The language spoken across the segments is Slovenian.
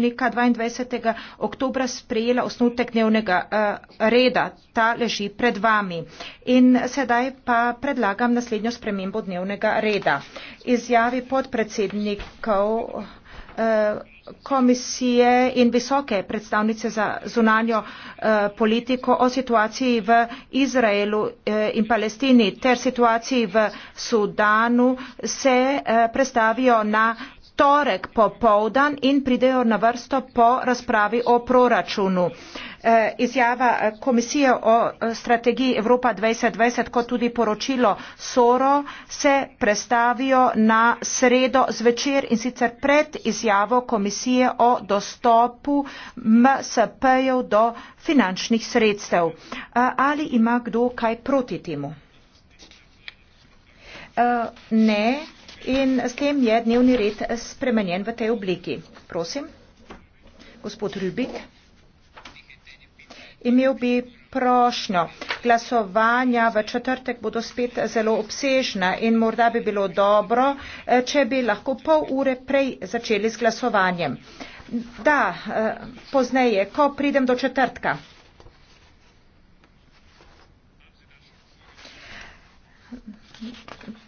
unika 22. oktobra sprejela osnutek dnevnega eh, reda. Ta leži pred vami. In sedaj pa predlagam naslednjo spremembo dnevnega reda. Izjavi podpredsednikov eh, komisije in visoke predstavnice za zunanjo eh, politiko o situaciji v Izraelu in Palestini ter situaciji v Sudanu se predstavijo na torek popovdan in pridejo na vrsto po razpravi o proračunu. E, izjava e, komisije o e, strategiji Evropa 2020, kot tudi poročilo SORO, se predstavijo na sredo zvečer in sicer pred izjavo komisije o dostopu MSP-jev do finančnih sredstev. Ali ima kdo kaj proti temu? Ne in s tem je dnevni red spremenjen v tej obliki. Prosim, gospod Rubik, imel bi prošnjo. Glasovanja v četrtek bodo spet zelo obsežna in morda bi bilo dobro, eh, če bi lahko pol ure prej začeli z glasovanjem. Da, eh, pozneje, ko pridem do četrtka.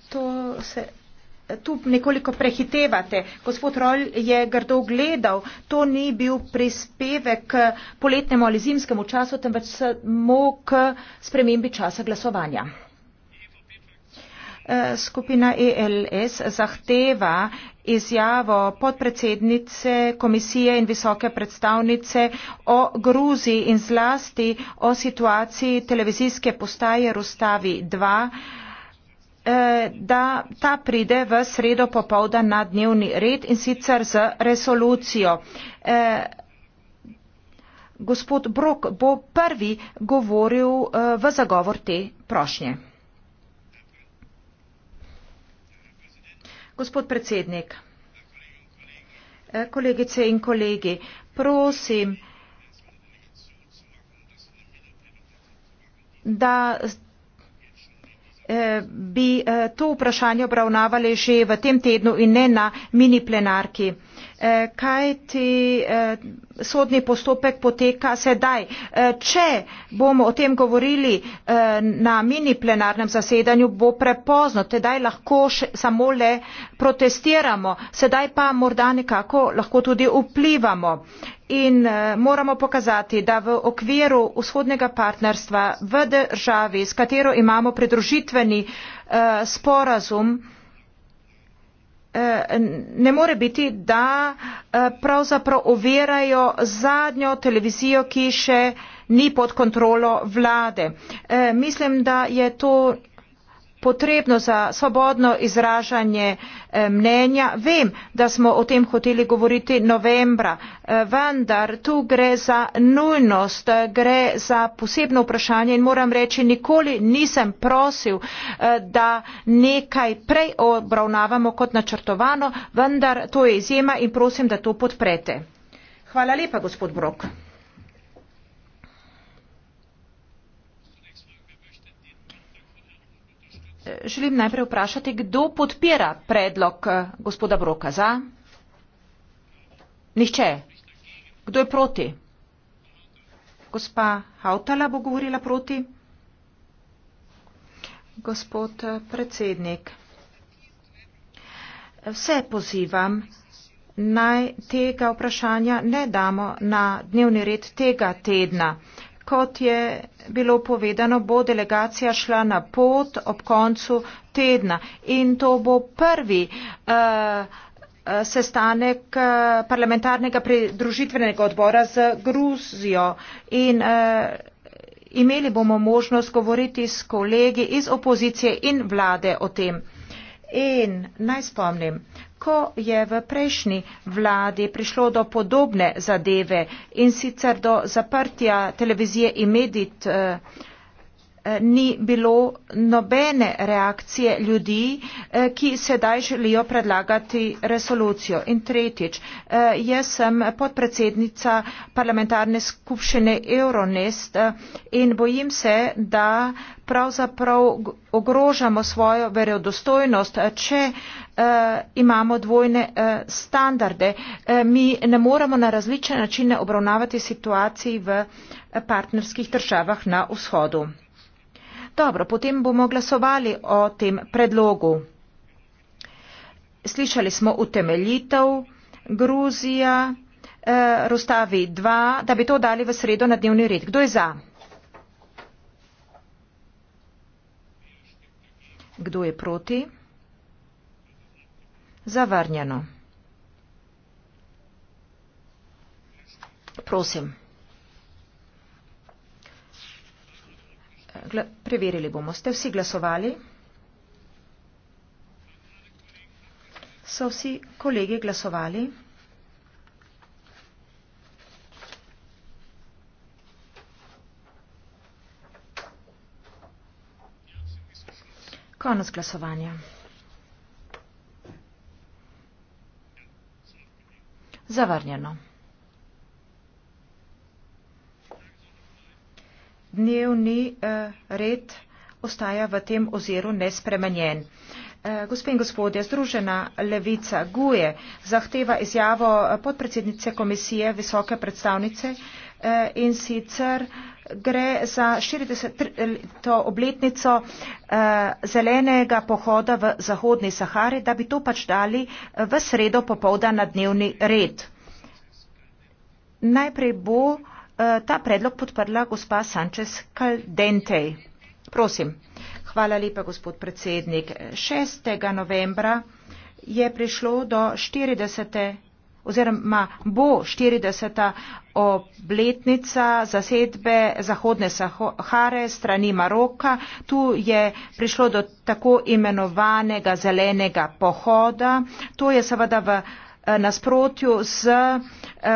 To se tu nekoliko prehitevate. Gospod Rol je grdo gledal, to ni bil prispevek k poletnemu ali zimskemu času, temveč samo k spremembi časa glasovanja. E, skupina ELS zahteva izjavo podpredsednice komisije in visoke predstavnice o Gruziji in zlasti o situaciji televizijske postaje Rustavi 2 Eh, da ta pride v sredo popovda na dnevni red in sicer z resolucijo. Eh, gospod Brok bo prvi govoril eh, v zagovor te prošnje. Gospod predsednik, kolegice in kolegi, prosim, da Eh, bi eh, to vprašanje obravnavali že v tem tednu in ne na mini plenarki. Eh, kaj ti eh, sodni postopek poteka sedaj. Eh, če bomo o tem govorili na mini plenarnem zasedanju, bo prepozno, tedaj lahko še, samo le protestiramo, sedaj pa morda nekako lahko tudi vplivamo. In moramo pokazati, da v okviru vzhodnega partnerstva v državi, s katero imamo pridružitveni sporazum, ne more biti, da eh, pravzaprav ovirajo zadnjo televizijo, ki še ni pod kontrolo vlade. Eh, mislim, da je to potrebno za svobodno izražanje eh, mnenja. Vem, da smo o tem hoteli govoriti novembra, eh, vendar tu gre za nujnost, eh, gre za posebno vprašanje in moram reči, nikoli nisem prosil, da nekaj prej obravnavamo kot načrtovano, vendar to je izjema in prosim, da to podprete. Hvala lepa, gospod Brok. želim najprej vprašati kdo podpira predlog eh, gospoda broka za nihče kdo je proti gospa hautala bo govorila proti gospod eh, predsednik vse pozivam naj tega vprašanja ne damo na dnevni red tega tedna Kot je bilo povedano, bo delegacija šla na pot ob koncu tedna in to bo prvi uh, sestanek eh, parlamentarnega pridružitvenega odbora z Gruzijo. In, uh, Imeli bomo možnost govoriti s kolegi iz opozicije in vlade o tem. In naj spomnim, ko je v prejšnji vladi prišlo do podobne zadeve in sicer do zaprtja televizije Imedit eh, Eh, ni bilo nobene reakcije ljudi, eh, ki sedaj želijo predlagati resolucijo. In tretjič, eh, jaz sem podpredsednica parlamentarne skupščine Euronest in bojim se, da pravzaprav ogrožamo svojo verodostojnost, če imamo dvojne standarde. Mi ne moremo na različne načine obravnavati situacij v partnerskih državah na vzhodu. Dobro, potem bomo glasovali o tem predlogu. Slišali smo utemeljitev Gruzija, eh, Rustavi 2, da bi to dali v sredo na dnevni red. Kdo je za? Kdo je proti? Zavrnjeno. Prosim. preverili bomo. Ste vsi glasovali? So vsi kolegi glasovali? Konec glasovanja. Zavrnjeno. dnevni eh, red ostaja v tem oziru nespremenjen. Eh, gospe in gospodje, Združena levica Guje zahteva izjavo eh, podpredsednice komisije visoke predstavnice in sicer gre za 40. obletnico zelenega pohoda v Zahodni Sahari, da bi to pač dali v sredo popovda na dnevni red. Najprej bo Eh, ta predlog podprla gospa Sanchez Caldente. Prosim. Hvala lepa, gospod predsednik. 6. novembra je prišlo do 40. oziroma bo 40. obletnica zasedbe Zahodne Sahare strani Maroka. Tu je prišlo do tako imenovanega zelenega pohoda. To je seveda v Eh, nasprotju z eh,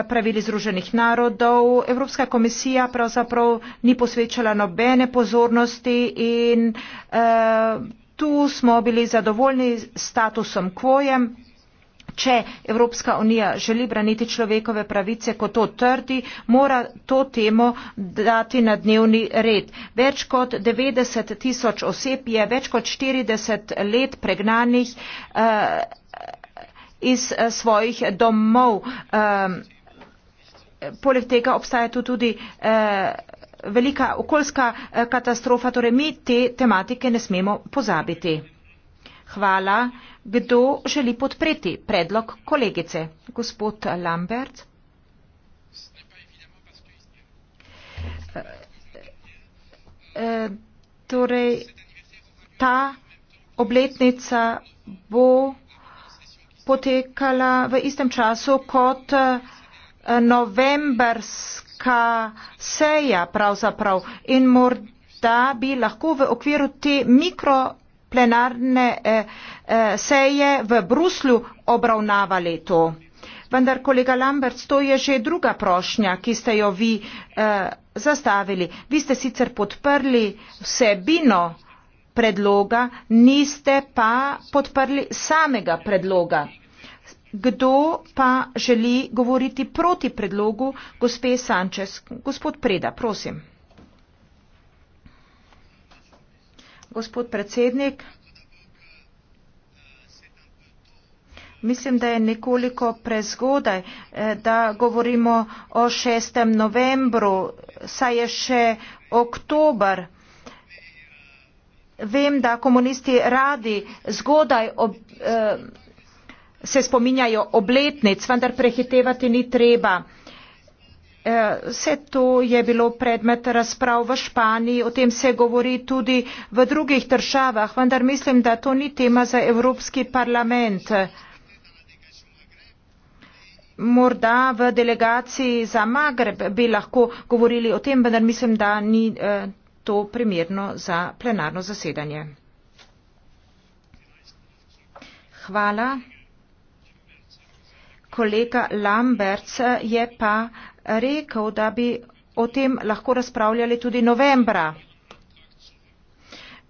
pravili Združenih narodov. Evropska komisija pravzaprav ni posvečala nobene pozornosti in eh, tu smo bili zadovoljni statusom kvojem. Če Evropska unija želi braniti človekove pravice, kot to trdi, mora to temo dati na dnevni red. Več kot 90 tisoč oseb je več kot 40 let pregnanih iz eh, svojih domov. Ehm, poleg tega obstaja tu tudi eh, velika okoljska eh, katastrofa, torej mi te tematike ne smemo pozabiti. Hvala. Kdo želi podpreti predlog kolegice? Gospod Lambert. Torej, ta obletnica bo potekala v istem času kot eh, novembrska seja pravzaprav in morda bi lahko v okviru te mikroplenarne eh, eh, seje v Bruslju obravnavali to. Vendar, kolega Lamberts, to je že druga prošnja, ki ste jo vi eh, zastavili. Vi ste sicer podprli vsebino eh, predloga, niste pa podprli samega predloga. Kdo pa želi govoriti proti predlogu gospe Sančes? Gospod Preda, prosim. Gospod predsednik, mislim, da je nekoliko prezgodaj, eh, da govorimo o 6. novembru, saj je še oktober vem, da komunisti radi zgodaj ob, eh, se spominjajo obletnic, vendar prehitevati ni treba. Eh, vse to je bilo predmet razprav v Španiji, o tem se govori tudi v drugih državah, vendar mislim, da to ni tema za Evropski parlament. Morda v delegaciji za Magreb bi lahko govorili o tem, vendar mislim, da ni eh, to primerno za plenarno zasedanje. Hvala. Kolega Lamberts je pa rekel, da bi o tem lahko razpravljali tudi novembra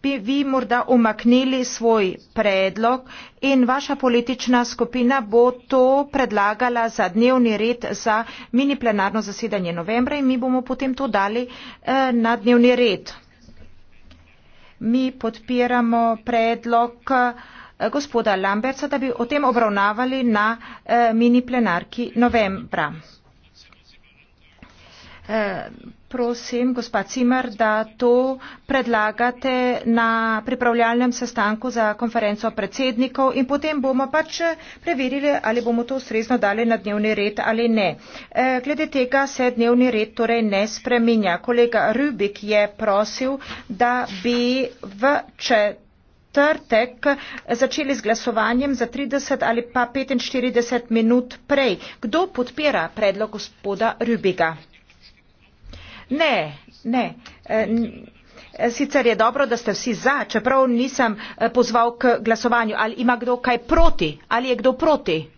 bi vi morda umaknili svoj predlog in vaša politična skupina bo to predlagala za dnevni red za mini plenarno zasedanje novembra in mi bomo potem to dali eh, na dnevni red. Mi podpiramo predlog eh, gospoda Lamberca, da bi o tem obravnavali na eh, mini plenarki novembra. Eh, prosim, gospa Cimer, da to predlagate na pripravljalnem sestanku za konferenco predsednikov in potem bomo pač preverili, ali bomo to ustrezno dali na dnevni red ali ne. Eh, glede tega se dnevni red torej ne spreminja. Kolega Rubik je prosil, da bi v četrtek začeli z glasovanjem za 30 ali pa 45 minut prej. Kdo podpira predlog gospoda Rubiga? ne ne e, e, sicer je dobro da ste vsi za čeprav nisem e, pozval k glasovanju ali ima kdo kaj proti ali je kdo proti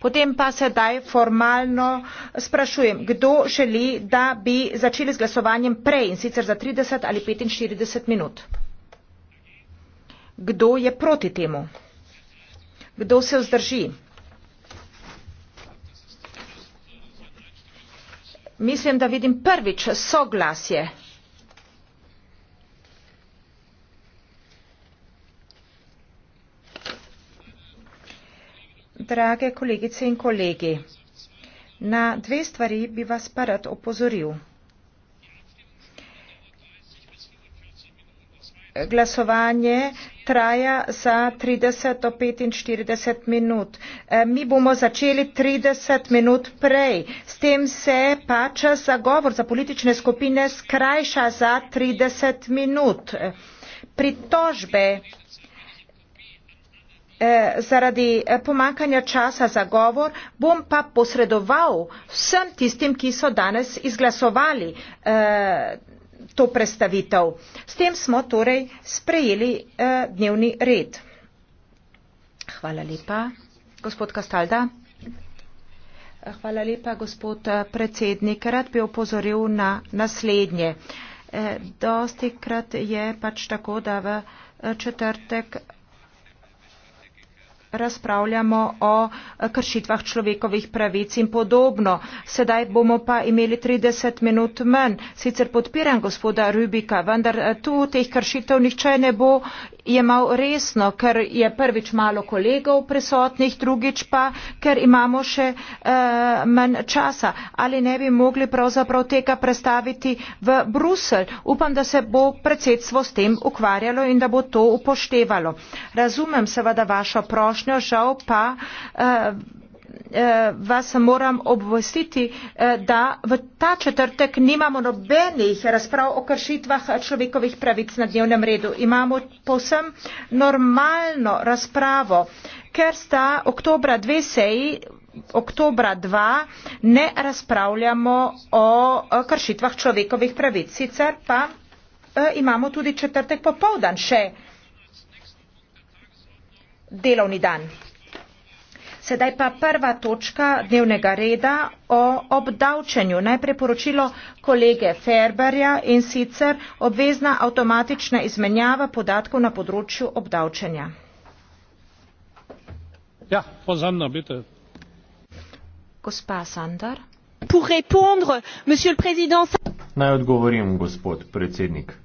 potem pa sedaj formalno sprašujem kdo želi da bi začeli z glasovanjem prej in sicer za trideset ali petinštirideset minut kdo je proti temu kdo se vzdrži mislim da vidim prvič soglasje drage kolegice in kolegi na dve stvari bi vas pa rad opozoril glasovanje traja za 30 do 45 minut. E, mi bomo začeli 30 minut prej. S tem se pa čas za govor za politične skupine skrajša za 30 minut. E, pritožbe e, zaradi pomankanja časa za govor bom pa posredoval vsem tistim, ki so danes izglasovali to predstavitev. S tem smo torej sprejeli eh, dnevni red. Hvala lepa, gospod Kastalda. Eh, hvala lepa, gospod eh, predsednik. Rad bi opozoril na naslednje. Eh, dosti krat je pač tako, da v eh, četrtek razpravljamo o eh, kršitvah človekovih pravic in podobno. Sedaj bomo pa imeli 30 minut manj. Sicer podpiram gospoda Rubika, vendar eh, tu teh kršitev nihče ne bo jemal resno, ker je prvič malo kolegov prisotnih, drugič pa, ker imamo še uh, manj časa. Ali ne bi mogli pravzaprav tega predstaviti v Brusel? Upam, da se bo predsedstvo s tem ukvarjalo in da bo to upoštevalo. Razumem seveda vašo prošljo prošnjo, žal pa eh, eh, vas moram obvestiti, eh, da v ta četrtek nimamo nobenih razprav o kršitvah človekovih pravic na dnevnem redu. Imamo povsem normalno razpravo, ker sta oktobra dve seji, oktobra dva ne razpravljamo o kršitvah človekovih pravic. Sicer pa imamo tudi četrtek popovdan še delovni dan. Sedaj pa prva točka dnevnega reda o obdavčenju. Najprej poročilo kolege Ferberja in sicer obvezna avtomatična izmenjava podatkov na področju obdavčenja. Ja, pozorno, bitte. Gospa Sandar. Naj odgovorim, gospod predsednik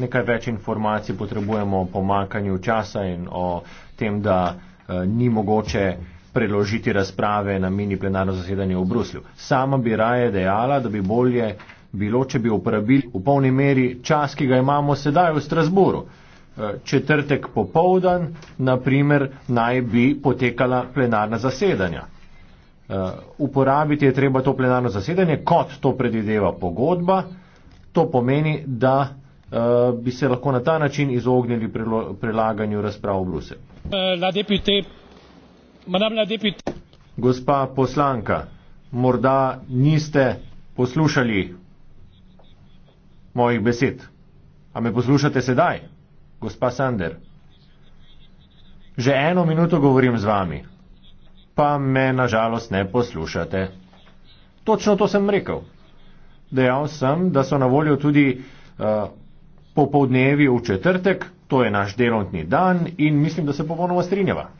nekaj več informacij potrebujemo o pomankanju časa in o tem, da eh, ni mogoče preložiti razprave na mini plenarno zasedanje v Bruslju. Sama bi raje dejala, da bi bolje bilo, če bi uporabili v polni meri čas, ki ga imamo sedaj v Strasburu. Eh, četrtek popovdan, naprimer, naj bi potekala plenarna zasedanja. Eh, uporabiti je treba to plenarno zasedanje, kot to predvideva pogodba. To pomeni, da Eh, bi se lahko na ta način izognili prelaganju razprav v Bruse. Gospa poslanka, morda niste poslušali mojih besed. A me poslušate sedaj, gospa Sander? Že eno minuto govorim z vami, pa me nažalost ne poslušate. Točno to sem rekel. Dejal sem, da so na voljo tudi uh, popovdnevi v četrtek, to je naš delovni dan in mislim, da se popolnoma strinjava.